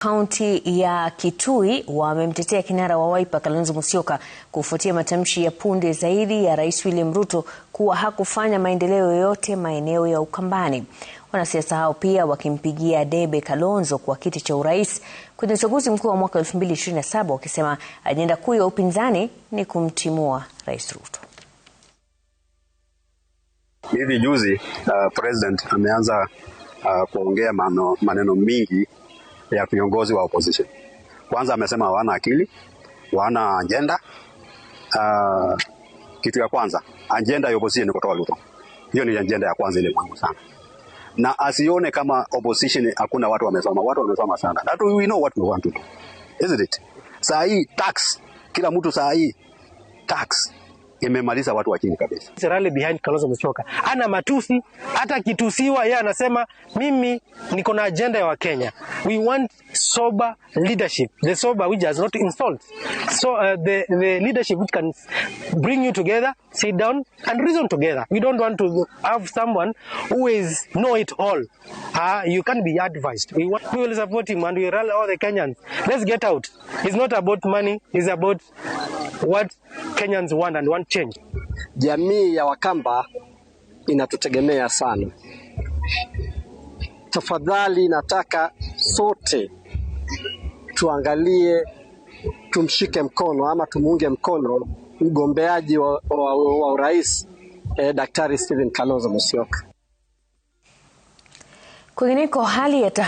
Kaunti ya Kitui wamemtetea kinara wa Wiper Kalonzo Musyoka kufuatia matamshi ya punde zaidi ya Rais William Ruto kuwa hakufanya maendeleo yoyote maeneo ya Ukambani. Wanasiasa hao pia wakimpigia debe Kalonzo kwa kiti cha urais kwenye uchaguzi mkuu wa mwaka 2027 wakisema ajenda kuu ya upinzani ni kumtimua Rais Ruto. Hivi juzi uh, president ameanza uh, kuongea maneno mingi ya viongozi wa opposition. Kwanza amesema hawana akili, hawana ajenda. Uh, ah, kitu ya kwanza ajenda ya opposition ni kutoa Ruto. Hiyo ni ajenda ya kwanza ile muhimu sana, na asione kama opposition hakuna watu wamesoma. Watu wamesoma sana, that we know what we want to do, isn't it? Saa hii tax, kila mtu saa hii tax imemaliza watu wa chini kabisa. Rally behind Kalonzo Musyoka ana matusi, hata kitusiwa yeye anasema mimi niko na agenda ya Kenya. We want sober leadership, the sober which has not installed. So uh, the, the leadership which can bring you together, sit down and reason together. We don't want to have someone who is know it all. Uh, you can be advised. We, want, we will support him and we rally all the Kenyans. Let's get out. It's not about money, it's about what Kenyans want and want change. Jamii ya Wakamba inatutegemea sana. Tafadhali nataka sote tuangalie, tumshike mkono ama tumuunge mkono mgombeaji wa, wa, wa urais eh, Daktari Stephen Kalonzo Musyoka. Kwingineko hali ya